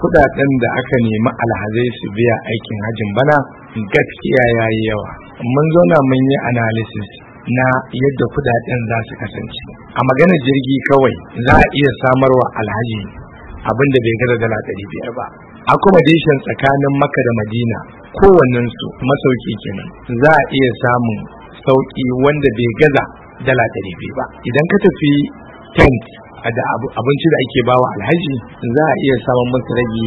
kudaden da aka nemi alhazai su biya aikin hajjin bana gaskiya ya yi yawa mun zauna mun yi analysis na yadda kudaden za su kasance a magana jirgi kawai za a iya samarwa alhaji abinda da bai gaza dala ɗari biyar ba accommodation tsakanin maka da madina kowannen su masauki kenan za a iya samun sauki wanda bai gaza dala ɗari biyu ba idan ka tafi tent da abinci da ake bawa alhaji za a iya samun masa ragi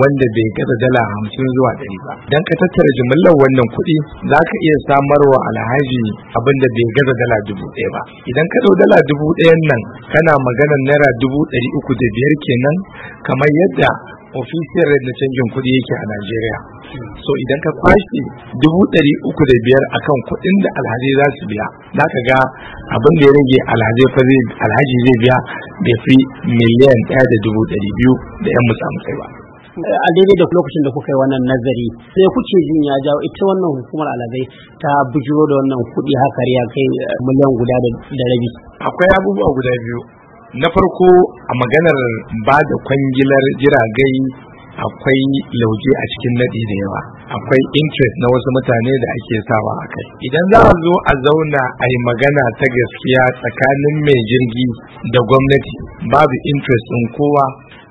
wanda bai gada dala hamsin zuwa ɗari ba don ka tattara jimillar wannan kuɗi za ka iya samarwa alhaji abin da bai gada dala dubu ɗaya ba idan ka ɗau dala dubu ɗayan nan kana maganar naira dubu ɗari uku da biyar kenan kamar yadda ofisiyar da canjin kuɗi yake a najeriya so idan ka kwashe dubu ɗari uku da biyar a kan kuɗin da alhaji za su biya za ka ga abin da ya rage alhaji zai biya bai fi miliyan ɗaya da dubu ɗari biyu da yan musai ba eh, a daidai da lokacin da kuka yi wannan nazari sai kuke jin ya jawo ita wannan hukumar alazai ta bujiro da wannan kuɗi haka ya kai eh, miliyan guda da rabi akwai abubuwa guda biyu na farko a maganar ba da kwangilar jiragai akwai lauje a cikin nadi da yawa akwai interest na wasu mutane da ake sawa a kai idan za a zo a zauna a yi magana ta gaskiya tsakanin mai jirgi da gwamnati babu interest ɗin kowa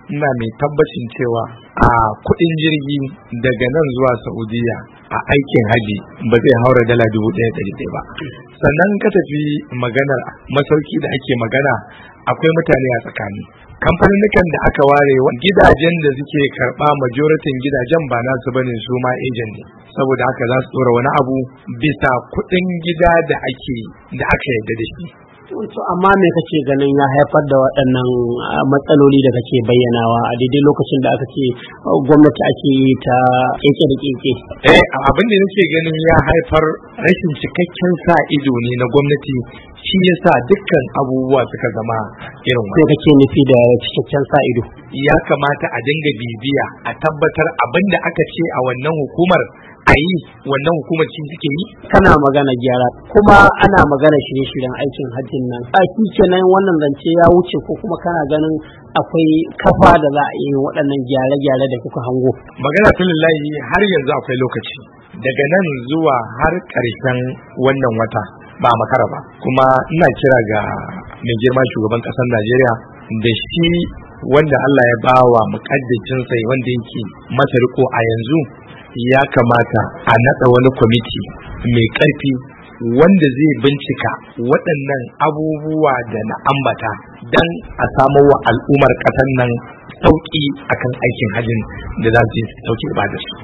ina mai tabbacin cewa a kudin jirgi daga nan zuwa saudiya a aikin hajji ba zai haura dala dubu ɗaya ɗari ɗaya ba sannan ka tafi maganar masauki da ake magana akwai mutane a tsakani kamfanin da aka ware gidajen da suke karɓa majoratin gidajen ba nasu bane su ma ejen ne saboda haka za su ɗora wani abu bisa kuɗin gida da ake da aka yarda da shi to amma me kake ganin ya haifar da waɗannan ah, matsaloli da kake bayyanawa a daidai lokacin da aka ce ah, gwamnati ake yi ta keke da keke eh abin da nake ganin ya haifar rashin cikakken sa ido ne na gwamnati shi yasa dukkan abubuwa suka zama irin wannan kake nufi da cikakken sa ido ya kamata a dinga bibiya a tabbatar abin da aka ce a wannan hukumar a yi wannan hukumar shi suke yi kana magana gyara kuma ana magana shirye-shiryen aikin hajjin nan a shi kenan wannan zance ya wuce ko kuma kana ganin akwai kafa da za a yi waɗannan gyare-gyare da kuka hango magana lillahi har yanzu akwai lokaci daga nan zuwa har ƙarshen wannan wata ba makara ba kuma ina kira ga mai girma shugaban ƙasar najeriya da shi wanda Allah ya ba bawa mukaddacinsa wanda yake masa riko a yanzu ya kamata a naɗa wani kwamiti mai ƙarfi wanda zai bincika waɗannan abubuwa da na ambata don a samu wa al'ummar ƙasar nan sauƙi akan aikin hajjin da za su yi sauƙi ba da su